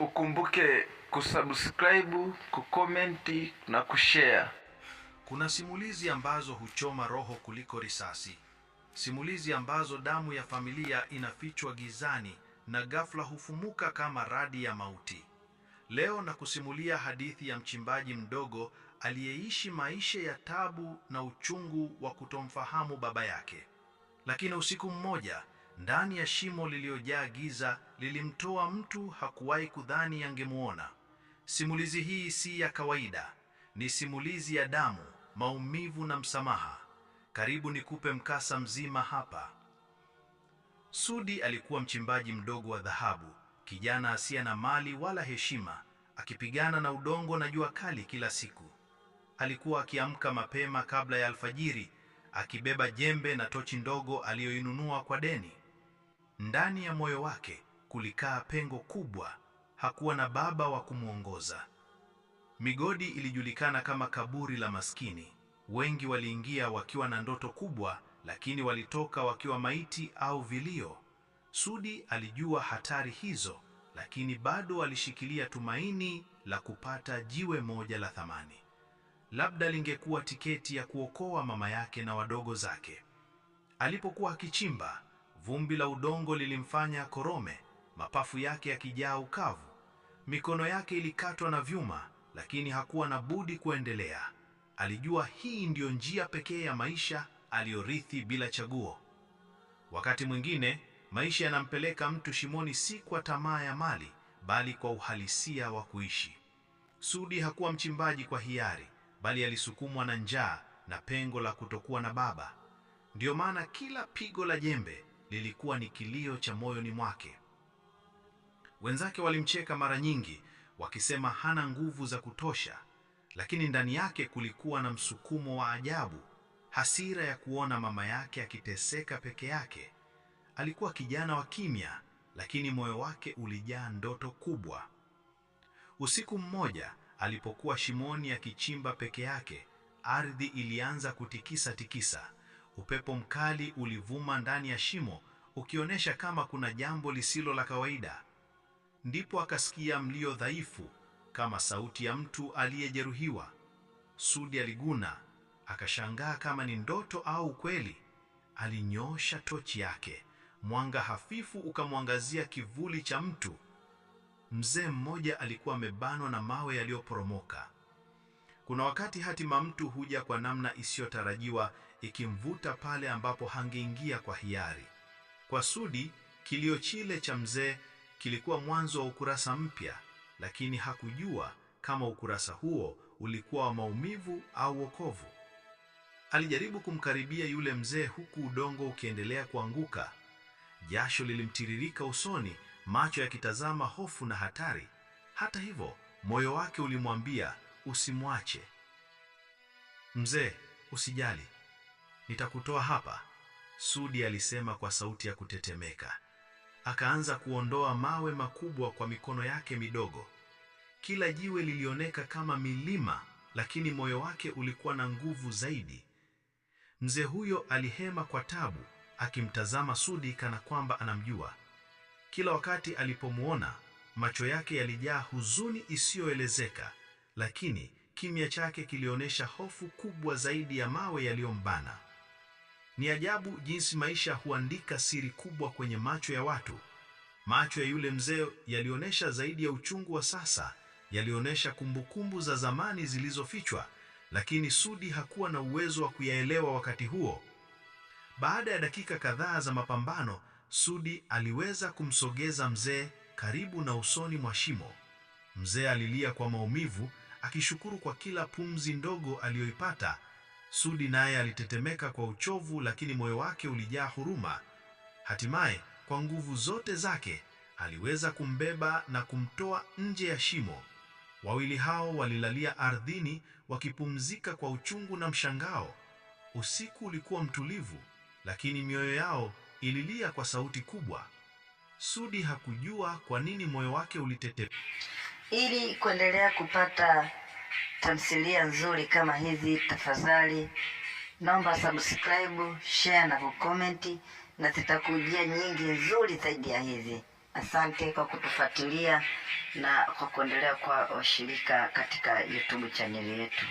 ukumbuke kusubscribe, kukomenti na kushare. Kuna simulizi ambazo huchoma roho kuliko risasi, simulizi ambazo damu ya familia inafichwa gizani na ghafla hufumuka kama radi ya mauti. Leo na kusimulia hadithi ya mchimbaji mdogo aliyeishi maisha ya tabu na uchungu wa kutomfahamu baba yake, lakini usiku mmoja ndani ya shimo liliyojaa giza lilimtoa mtu hakuwahi kudhani angemwona. Simulizi hii si ya kawaida, ni simulizi ya damu, maumivu na msamaha. Karibu nikupe mkasa mzima hapa. Sudi alikuwa mchimbaji mdogo wa dhahabu, kijana asiye na mali wala heshima, akipigana na udongo na jua kali kila siku. Alikuwa akiamka mapema kabla ya alfajiri, akibeba jembe na tochi ndogo aliyoinunua kwa deni. Ndani ya moyo wake kulikaa pengo kubwa, hakuwa na baba wa kumwongoza. Migodi ilijulikana kama kaburi la maskini. Wengi waliingia wakiwa na ndoto kubwa, lakini walitoka wakiwa maiti au vilio. Sudi alijua hatari hizo, lakini bado alishikilia tumaini la kupata jiwe moja la thamani. Labda lingekuwa tiketi ya kuokoa mama yake na wadogo zake. Alipokuwa akichimba Vumbi la udongo lilimfanya korome, mapafu yake yakijaa ukavu. Mikono yake ilikatwa na vyuma, lakini hakuwa na budi kuendelea. Alijua hii ndiyo njia pekee ya maisha aliyorithi bila chaguo. Wakati mwingine maisha yanampeleka mtu shimoni, si kwa tamaa ya mali, bali kwa uhalisia wa kuishi. Sudi hakuwa mchimbaji kwa hiari, bali alisukumwa na njaa na pengo la kutokuwa na baba. Ndiyo maana kila pigo la jembe lilikuwa ni kilio cha moyoni mwake. Wenzake walimcheka mara nyingi, wakisema hana nguvu za kutosha, lakini ndani yake kulikuwa na msukumo wa ajabu, hasira ya kuona mama yake akiteseka peke yake. Alikuwa kijana wa kimya, lakini moyo wake ulijaa ndoto kubwa. Usiku mmoja alipokuwa shimoni akichimba ya peke yake, ardhi ilianza kutikisa tikisa. Upepo mkali ulivuma ndani ya shimo, ukionyesha kama kuna jambo lisilo la kawaida. Ndipo akasikia mlio dhaifu kama sauti ya mtu aliyejeruhiwa. Sudi aliguna, akashangaa kama ni ndoto au kweli. Alinyoosha tochi yake, mwanga hafifu ukamwangazia kivuli cha mtu. Mzee mmoja alikuwa amebanwa na mawe yaliyoporomoka. Kuna wakati hatima mtu huja kwa namna isiyotarajiwa, ikimvuta pale ambapo hangeingia kwa hiari. Kwa Sudi, kilio chile cha mzee kilikuwa mwanzo wa ukurasa mpya, lakini hakujua kama ukurasa huo ulikuwa wa maumivu au wokovu. Alijaribu kumkaribia yule mzee huku udongo ukiendelea kuanguka. Jasho lilimtiririka usoni, macho yakitazama hofu na hatari. Hata hivyo, moyo wake ulimwambia usimwache. Mzee, usijali nitakutoa hapa, Sudi alisema kwa sauti ya kutetemeka. Akaanza kuondoa mawe makubwa kwa mikono yake midogo. Kila jiwe lilioneka kama milima, lakini moyo wake ulikuwa na nguvu zaidi. Mzee huyo alihema kwa tabu, akimtazama Sudi kana kwamba anamjua. Kila wakati alipomwona, macho yake yalijaa huzuni isiyoelezeka, lakini kimya chake kilionyesha hofu kubwa zaidi ya mawe yaliyombana. Ni ajabu jinsi maisha huandika siri kubwa kwenye macho ya watu. Macho ya yule mzee yalionyesha zaidi ya uchungu wa sasa, yalionyesha kumbukumbu za zamani zilizofichwa, lakini Sudi hakuwa na uwezo wa kuyaelewa wakati huo. Baada ya dakika kadhaa za mapambano, Sudi aliweza kumsogeza mzee karibu na usoni mwa shimo. Mzee alilia kwa maumivu, akishukuru kwa kila pumzi ndogo aliyoipata. Sudi naye alitetemeka kwa uchovu, lakini moyo wake ulijaa huruma. Hatimaye, kwa nguvu zote zake, aliweza kumbeba na kumtoa nje ya shimo. Wawili hao walilalia ardhini wakipumzika kwa uchungu na mshangao. Usiku ulikuwa mtulivu, lakini mioyo yao ililia kwa sauti kubwa. Sudi hakujua kwa nini moyo wake ulitetemeka. Ili kuendelea kupata tamthilia nzuri kama hizi, tafadhali naomba subscribe, share na kukomenti, na zitakujia nyingi nzuri zaidi ya hizi. Asante kwa kutufuatilia na kwa kuendelea kwa washirika katika YouTube chaneli yetu.